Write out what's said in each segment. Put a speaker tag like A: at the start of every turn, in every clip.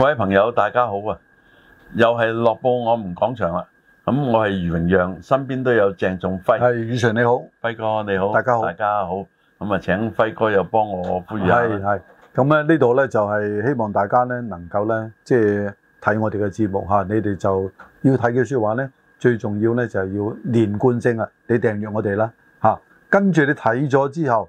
A: 各位朋友，大家好啊！又係樂報我們講場啦。咁我係余榮讓，身邊都有鄭仲輝。係宇常你好，輝哥你好，大家好，大家好。咁啊，請輝哥又幫我呼籲。係係。
B: 咁咧呢度咧就係、是、希望大家咧能夠咧即係睇我哋嘅節目吓、啊，你哋就要睇嘅說話咧，最重要咧就是、要連貫性啊！你訂閱我哋啦吓，跟住你睇咗之後。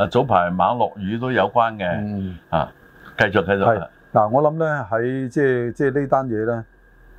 A: 嗯、啊！早排猛落雨都有關嘅，啊，繼續繼續。
B: 嗱，我諗咧喺即係即係呢單嘢咧，誒、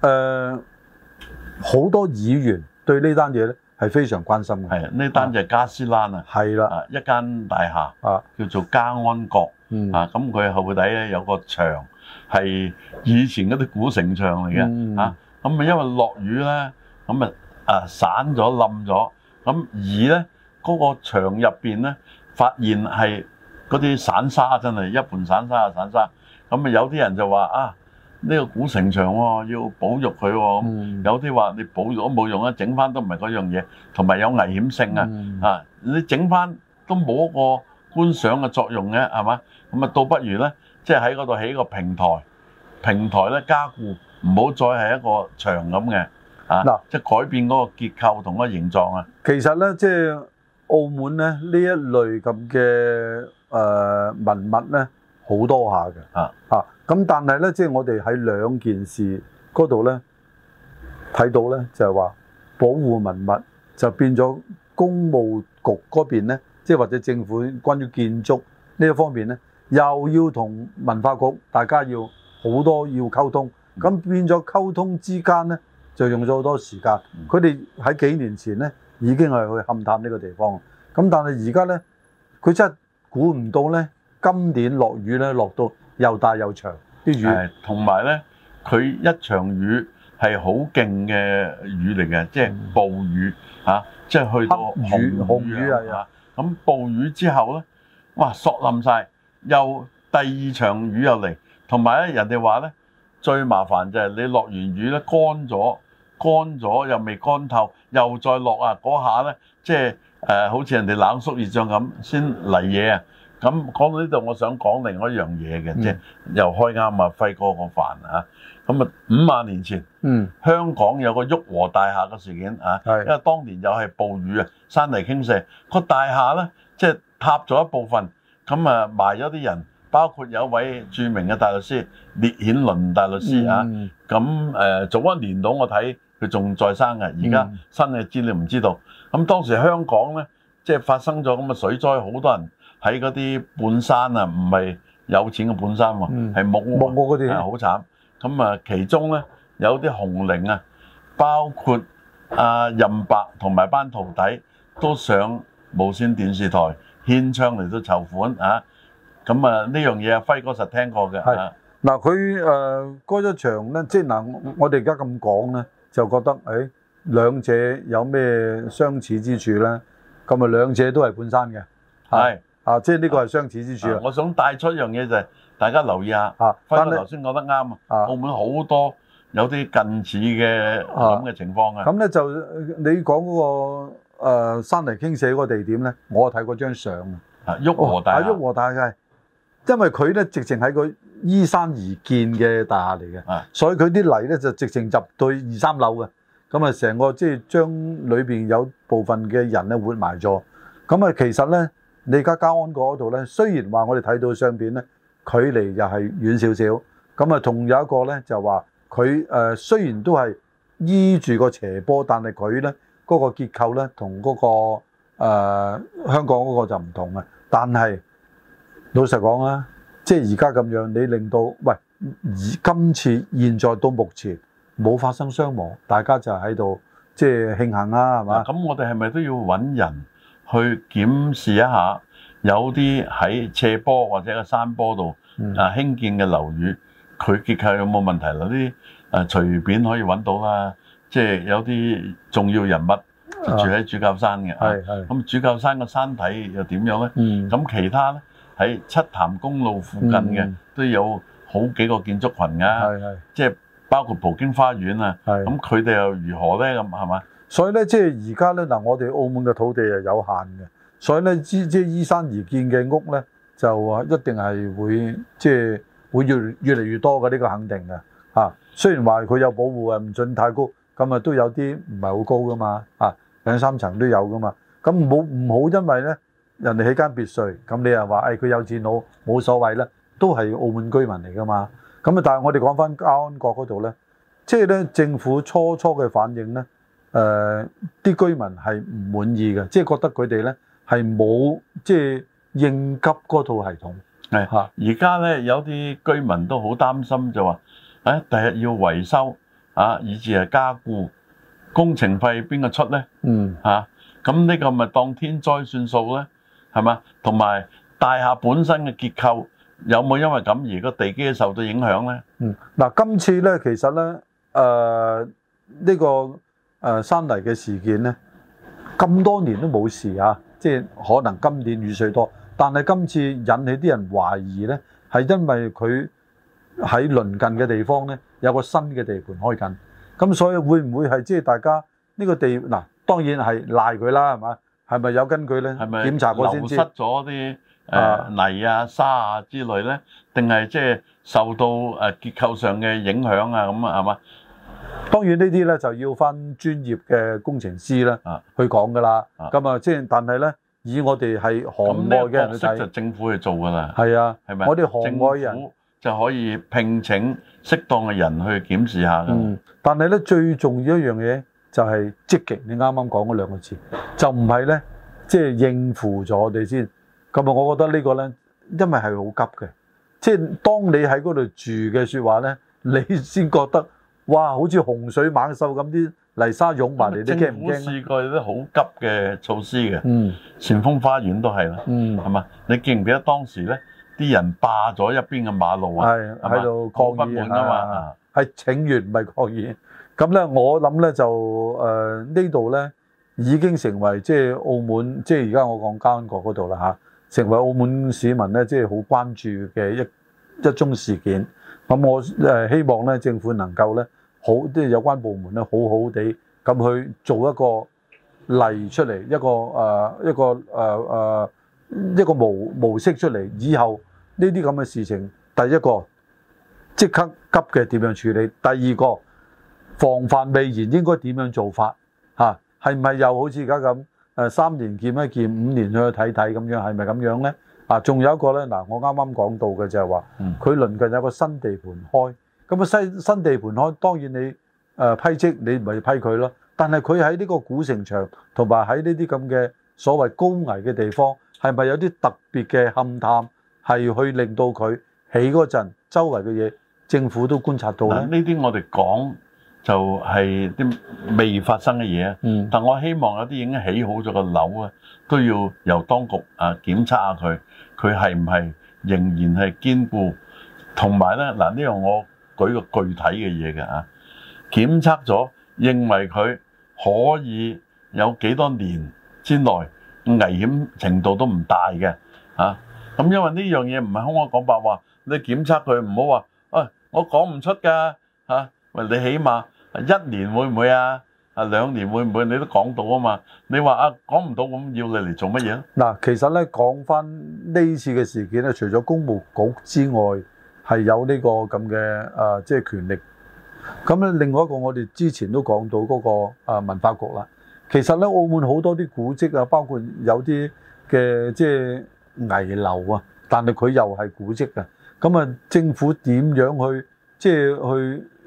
B: 呃、好多議員對呢單嘢咧係非常關心嘅。係
A: 啊，呢單就係加斯蘭啊，係啦，一間大廈啊，叫做嘉安閣、嗯、啊。咁佢後底咧有個牆係以前嗰啲古城牆嚟嘅啊。咁、嗯、啊，因為落雨咧，咁啊啊散咗冧咗。咁而咧嗰、那個牆入邊咧。發現係嗰啲散沙真係一盤散沙啊，散沙，咁啊有啲人就話啊呢個古城牆喎要保育佢喎，有啲話你保育都冇用啦，整翻都唔係嗰樣嘢，同埋有危險性啊啊，你整翻都冇一個觀賞嘅作用嘅係嘛？咁啊倒不如咧，即係喺嗰度起個平台，平台咧加固，唔好再係一個牆咁嘅啊，即係改變嗰個結構同嗰個形狀啊。
B: 其實咧即係。澳門咧呢一類咁嘅誒文物咧好多下嘅啊啊，咁但係咧，即係我哋喺兩件事嗰度咧睇到咧，就係話保護文物就變咗公務局嗰邊咧，即係或者政府關於建築呢一方面咧，又要同文化局大家要好多要溝通，咁、嗯、變咗溝通之間咧就用咗好多時間，佢哋喺幾年前咧。已經係去勘探呢個地方，咁但係而家咧，佢真係估唔到咧，今年落雨咧落到
A: 又大又長啲雨，同埋咧佢一場雨係好勁嘅雨嚟嘅，即、就、係、係、暴雨即係、嗯啊就係、去到紅雨咁暴雨之後咧，哇，索冧晒，又第二場雨又嚟，同埋咧人哋話咧，最麻煩就係你落完雨咧乾咗。乾咗又未乾透，又再落啊！嗰下咧，即係誒，好似人哋冷縮熱漲咁先嚟嘢啊！咁講到呢度，我想講另外一樣嘢嘅，即係、嗯就是、又開啱啊！輝哥個飯啊！咁啊，五萬年前，嗯，香港有個旭和大廈嘅事件啊，是因為當年又係暴雨啊，山泥傾瀉，個大廈咧即係塌咗一部分，咁啊埋咗啲人，包括有位著名嘅大律師列顯倫大律師啊，咁誒早一年到我睇。佢仲再生嘅，而家新嘅資料唔知道。咁、嗯、當時香港咧，即係發生咗咁嘅水災，好多人喺嗰啲半山啊，唔係有錢嘅半山喎，係木屋嗰啲，好慘。咁啊，其中咧有啲紅伶啊，包括阿、啊、任白同埋班徒弟都上無線電視台獻唱嚟到籌款啊。咁啊，呢、啊、樣嘢啊，輝哥實聽過嘅。係
B: 嗱，佢、啊、誒、呃、一咗場咧，即係嗱，我哋而家咁講咧。嗯呢就覺得誒，兩者有咩相似之處咧？咁啊，兩者都係半山嘅，係啊，即係呢個係相似之處。我
A: 想帶出一樣嘢就係大家留意下。啊，但你頭先講得啱啊，澳門好多有啲近似嘅咁嘅情況嘅。咁
B: 咧就你講嗰個誒山泥傾瀉嗰個地點咧，我睇過張相啊，喐和大廈啊，喐和大廈嘅，因為佢咧直情喺個。依山而建嘅大廈嚟嘅，的所以佢啲泥咧就直情入到二三樓嘅，咁啊成個即係、就是、將裏面有部分嘅人咧活埋咗。咁啊其實咧，你而家嘉安閣嗰度咧，雖然話我哋睇到上邊咧距離又係遠少少，咁啊同有一個咧就話佢誒雖然都係依住個斜坡，但係佢咧嗰個結構咧同嗰個、呃、香港嗰個就唔同嘅。但係老實講啊～即係而家咁樣，你令到喂，而今次現在到目前冇發生傷亡，
A: 大家就喺度即係慶幸啦、啊，係嘛？咁、啊、我哋係咪都要揾人去檢視一下？有啲喺斜坡或者個山坡度、嗯、啊興建嘅樓宇，佢結構有冇問題啦？啲啊隨便可以揾到啦，即係有啲重要人物住喺主教山嘅，咁、啊啊、主教山個山體又點樣咧？咁、嗯啊、其他咧？喺七潭公路附近嘅都有好幾個建築群噶，即係、嗯、包括葡京花園啊，咁佢哋又如何咧？咁係嘛？
B: 所以咧，即係而家咧，嗱，我哋澳門嘅土地係有限嘅，所以咧，依即係依山而建嘅屋咧，就一定係會即係會越越嚟越多嘅呢、呢個肯定嘅嚇。雖然話佢有保護啊，唔準太高，咁啊都有啲唔係好高噶嘛，嚇兩三層都有噶嘛。咁冇唔好因為咧。人哋起間別墅，咁你又話誒佢有錢佬冇所謂啦，都係澳門居民嚟㗎嘛。咁啊，但係我哋講翻嘉安閣嗰度咧，即係咧政府初初嘅反應咧，誒、呃、啲居民係唔滿意嘅，即、就、係、是、覺得佢哋咧係冇即係應急嗰套系統。
A: 係，而家咧有啲居民都好擔心就話，誒、哎、第日、日要維修啊，以至係加固工程費邊個出咧？嗯，嚇咁呢個咪當天災算數咧？係嘛？同埋大廈本身嘅結構有冇因為咁而個地基受到影響咧？嗯，
B: 嗱，今次咧其實咧，誒呢個誒山泥嘅事件咧，咁多年都冇事啊，即係可能今年雨水多，但係今次引起啲人懷疑咧，係因為佢喺鄰近嘅地方咧有個新嘅地盤開緊，咁所以會唔會係即係大家呢個地嗱，當然係賴佢啦，係嘛？係咪有根據咧？
A: 檢查過先知係咪流失咗啲誒泥啊、沙啊之類咧，定係即係受到誒結構上嘅影響啊？咁啊，係嘛？
B: 當然這些呢啲咧就要翻專業嘅工程師啦，啊、去講噶啦。咁啊，即係。但係咧，
A: 以我哋係行內嘅人，就政府去做噶啦。係啊，係、啊、咪、啊啊啊啊啊？我哋行外人就可以聘請適當嘅人去檢視下噶。嗯，
B: 但係咧，最重要的一樣嘢。就係積極，你啱啱講嗰兩個字，就唔係咧，即係應付咗我哋先。咁啊，我覺得這個呢個咧，因為係好急嘅，即係當你喺嗰度住嘅説話咧，你先覺得哇，好似洪水猛獸咁啲泥沙湧埋嚟，你驚唔驚？
A: 政府試過啲好急嘅措施嘅，嗯，前鋒花園都係啦，嗯，係嘛？你記唔記得當時咧，啲人霸咗一邊嘅馬路啊，係喺度抗議啊嘛，
B: 係請願唔係抗議。咁咧，我諗咧就誒、呃、呢度咧已經成為即係澳門，即係而家我講嘉安閣嗰度啦嚇，成為澳門市民咧即係好關注嘅一一宗事件。咁我、呃、希望咧政府能夠咧好即係有關部門咧好好地咁去做一個例出嚟，一個誒、呃、一個誒、呃呃、一個模模式出嚟。以後呢啲咁嘅事情，第一個即刻急嘅點樣處理，第二個。防範未然應該點樣做法？嚇，係咪又好似而家咁？誒三年檢一檢，五年去睇睇咁樣，係咪咁樣咧？啊，仲有一個咧，嗱，我啱啱講到嘅就係話，佢鄰近有個新地盤開，咁啊新新地盤開，當然你誒批積，你咪批佢咯。但係佢喺呢個古城牆同埋喺呢啲咁嘅所謂高危嘅地方，係咪有啲特別嘅勘探係去令到佢起嗰陣，周圍嘅嘢政府都觀察到咧？
A: 呢啲我哋講。就係啲未發生嘅嘢，但我希望有啲已經起好咗個樓啊，都要由當局啊檢測下佢，佢係唔係仍然係堅固？同埋咧嗱，呢樣我舉個具體嘅嘢嘅啊，檢測咗認為佢可以有幾多年之內危險程度都唔大嘅啊。咁因為呢樣嘢唔係空空講白話，你檢測佢唔好話，哎，我講唔出㗎嚇。喂，你起碼～一年會唔會啊？啊兩年會唔會？你都講到啊嘛？你話啊講唔到咁，要你嚟做乜嘢？
B: 嗱，其實咧講翻呢次嘅事件咧，除咗公務局之外，係有呢個咁嘅啊，即係權力。咁咧，另外一個我哋之前都講到嗰個啊文化局啦。其實咧，澳門好多啲古蹟啊，包括有啲嘅即係危樓啊，但係佢又係古蹟啊。咁啊，政府點樣去即係去？.誒將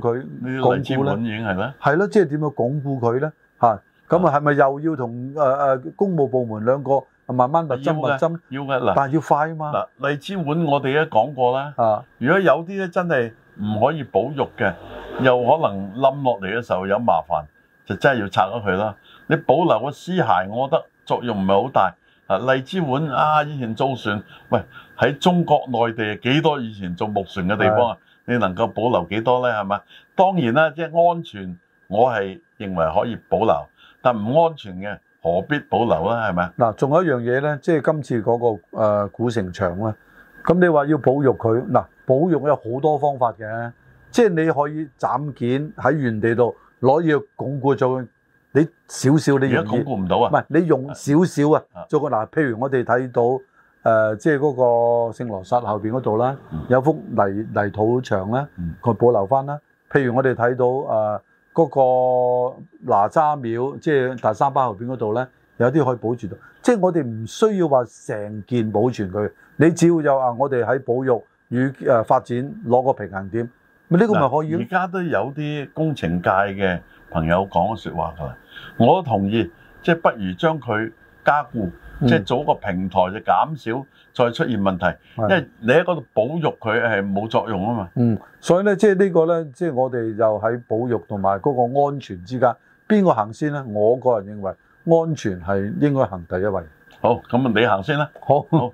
B: 佢鞏固咧，係咩？係咯，即係點樣鞏固佢咧？嚇，咁啊，係咪、啊、又要同誒、呃、公務部門兩個慢慢嚟針啊針？要嘅嗱，但係要快啊嘛！嗱、啊，
A: 荔枝碗我哋都講過啦，啊、如果有啲咧真係唔可以保育嘅，又可能冧落嚟嘅時候有麻煩，就真係要拆咗佢啦。你保留個屍骸，我覺得作用唔係好大。啊，荔枝碗啊，以前做船，喂，喺中國內地幾多以前做木船嘅地方啊？你能夠保留幾多咧？係咪？當然啦，即係安全，我係認為可以保留，但唔安全嘅，何必保留啦？係咪？嗱，
B: 仲有一樣嘢咧，即係今次嗰個、呃、古城牆咧。咁你話要保育佢，嗱，保育有好多方法嘅，即係你可以斬件喺原地度攞嘢鞏固咗佢。你少少你而家鞏固唔到啊？唔係，你用少少啊，做個嗱，譬如我哋睇到。誒、呃，即係嗰個聖羅撒後面嗰度啦，嗯、有幅泥泥土牆啦，佢、嗯、保留翻啦。譬如我哋睇到誒嗰、呃那個哪吒廟，即係大三巴後面嗰度咧，有啲可以保存到。即係我哋唔需要話成件保存佢，你只要有啊，我哋喺保育與誒發展攞個平衡點，咪、這、呢個咪可以。而
A: 家都有啲工程界嘅朋友講說話㗎，我同意，即、就、係、是、不如將佢加固。嗯、即係做個平台就減少再出現問題，的因為你喺嗰度保育佢係冇作用啊嘛。嗯，
B: 所以咧，即係呢個咧，即係我哋又喺保育同埋嗰個安全之間，邊個行先咧？我個人認為安全係應該行第一位。
A: 好，咁啊，你行先啦。好。好。